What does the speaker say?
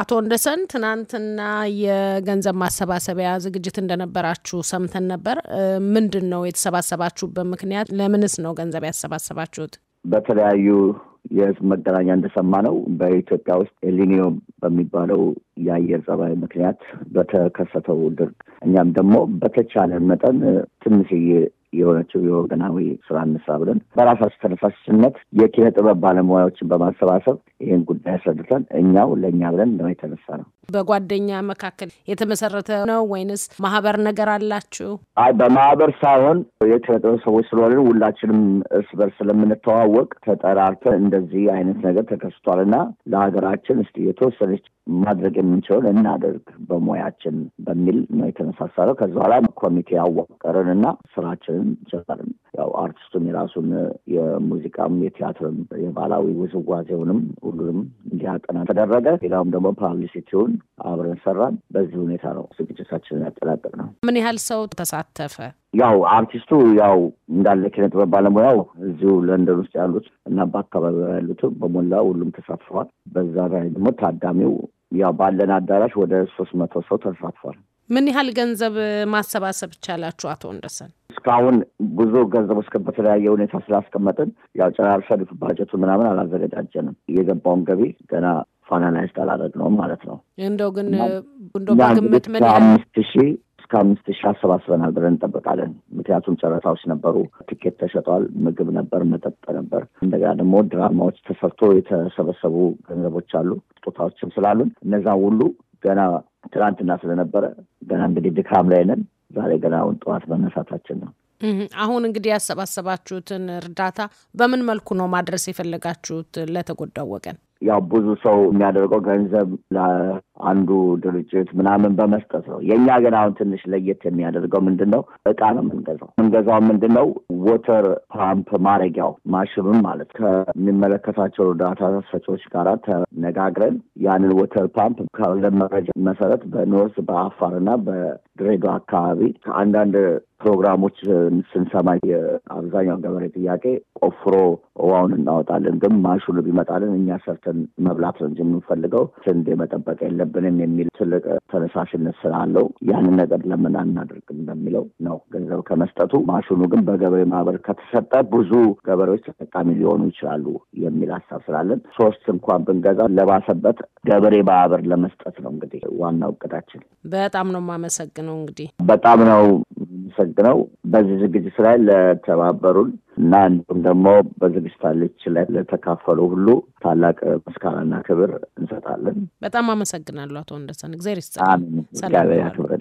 አቶ ወንደሰን ትናንትና የገንዘብ ማሰባሰቢያ ዝግጅት እንደነበራችሁ ሰምተን ነበር። ምንድን ነው የተሰባሰባችሁበት ምክንያት? ለምንስ ነው ገንዘብ ያሰባሰባችሁት? በተለያዩ የህዝብ መገናኛ እንደሰማ ነው በኢትዮጵያ ውስጥ ኤልኒዮ በሚባለው የአየር ጸባይ ምክንያት በተከሰተው ድርቅ እኛም ደግሞ በተቻለ መጠን ትንሽዬ የሆነችው የወገናዊ ስራ እንስራ ብለን በራሳችን ተነሳሽነት የኪነ ጥበብ ባለሙያዎችን በማሰባሰብ ይህን ጉዳይ አስረድተን እኛው ለእኛ ብለን ነው የተነሳ ነው። በጓደኛ መካከል የተመሰረተ ነው ወይንስ ማህበር ነገር አላችሁ? አይ በማህበር ሳይሆን የኪነጥበብ ሰዎች ስለሆነ ሁላችንም እርስ በርስ ስለምንተዋወቅ ተጠራርተን እንደዚህ አይነት ነገር ተከስቷል እና ለሀገራችን እስኪ የተወሰነች ማድረግ የምንችለውን እናደርግ በሙያችን በሚል ነው የተነሳሳለው። ከዚ በኋላ ኮሚቴ አዋቀርን እና ስራችንን ጀመርን። ያው አርቲስቱም የራሱን የሙዚቃም የቲያትርም የባህላዊ ውዝዋዜውንም ሁሉንም እንዲያጠና ተደረገ። ሌላውም ደግሞ ፓብሊሲቲውን አብረን ሰራን። በዚህ ሁኔታ ነው ዝግጅታችንን ያጠናቀቅ ነው። ምን ያህል ሰው ተሳተፈ? ያው አርቲስቱ ያው እንዳለ ኪነ ባለሙያው እዚሁ ለንደን ውስጥ ያሉት እና በአካባቢ ያሉት በሞላ ሁሉም ተሳትፈዋል። በዛ ላይ ደግሞ ታዳሚው ያው ባለን አዳራሽ ወደ ሶስት መቶ ሰው ተሳትፏል። ምን ያህል ገንዘብ ማሰባሰብ ይቻላችሁ አቶ ወንደሰን? እስካሁን ብዙ ገንዘብ እስከ በተለያየ ሁኔታ ስላስቀመጥን ያው ጨራርሰን ባጀቱ ምናምን አላዘገጃጀንም። የገባውን ገቢ ገና ፋናናይዝድ አላደረግነውም ማለት ነው። እንደው ግን እንደው በግምት ምን አምስት ሺህ እስከ አምስት ሺህ አሰባስበናል ብለን እንጠብቃለን። ምክንያቱም ጨረታዎች ነበሩ፣ ትኬት ተሸጧል፣ ምግብ ነበር፣ መጠጥ ነበር። እንደገና ደግሞ ድራማዎች ተሰርቶ የተሰበሰቡ ገንዘቦች አሉ፣ ስጦታዎችም ስላሉን እነዛ ሁሉ ገና ትናንትና ስለነበረ ገና እንግዲህ ድካም ላይ ነን። ዛሬ ገና አሁን ጠዋት መነሳታችን ነው። አሁን እንግዲህ ያሰባሰባችሁትን እርዳታ በምን መልኩ ነው ማድረስ የፈለጋችሁት ለተጎዳው ወገን? ያው ብዙ ሰው የሚያደርገው ገንዘብ ለአንዱ ድርጅት ምናምን በመስጠት ነው። የእኛ ግን አሁን ትንሽ ለየት የሚያደርገው ምንድን ነው? እቃ ነው የምንገዛው። የምንገዛው ምንድን ነው? ወተር ፓምፕ ማረጊያው ማሽኑን ማለት ከሚመለከታቸው እርዳታ ሰጪዎች ጋር ተነጋግረን ያንን ወተር ፓምፕ ካለን መሰረት በኖርስ በአፋርና ድሬዳዋ አካባቢ አንዳንድ ፕሮግራሞች ስንሰማ የአብዛኛው ገበሬ ጥያቄ ቆፍሮ ውሃውን እናወጣለን፣ ግን ግማሹን ቢመጣልን እኛ ሰርተን መብላት ነው እንጂ የምንፈልገው ስንዴ መጠበቅ የለብንም የሚል ትልቅ ተነሳሽነት ስላለው ያንን ነገር ለምን አናደርግም እንደሚለው ነው ገንዘብ ከመስጠቱ ማሽኑ ግን በገበሬ ማህበር ከተሰጠ ብዙ ገበሬዎች ተጠቃሚ ሊሆኑ ይችላሉ የሚል ሀሳብ ስላለን ሶስት እንኳን ብንገዛ ለባሰበት ገበሬ በአብር ለመስጠት ነው እንግዲህ ዋናው እቅዳችን። በጣም ነው የማመሰግነው። እንግዲህ በጣም ነው የማመሰግነው በዚህ ዝግጅት ላይ ለተባበሩን እና እንዲሁም ደግሞ በዝግጅታለች ላይ ለተካፈሉ ሁሉ ታላቅ ምስጋናና ክብር እንሰጣለን። በጣም አመሰግናለሁ አቶ ወንደሰን። እግዚአብሔር ይስጥልኝ።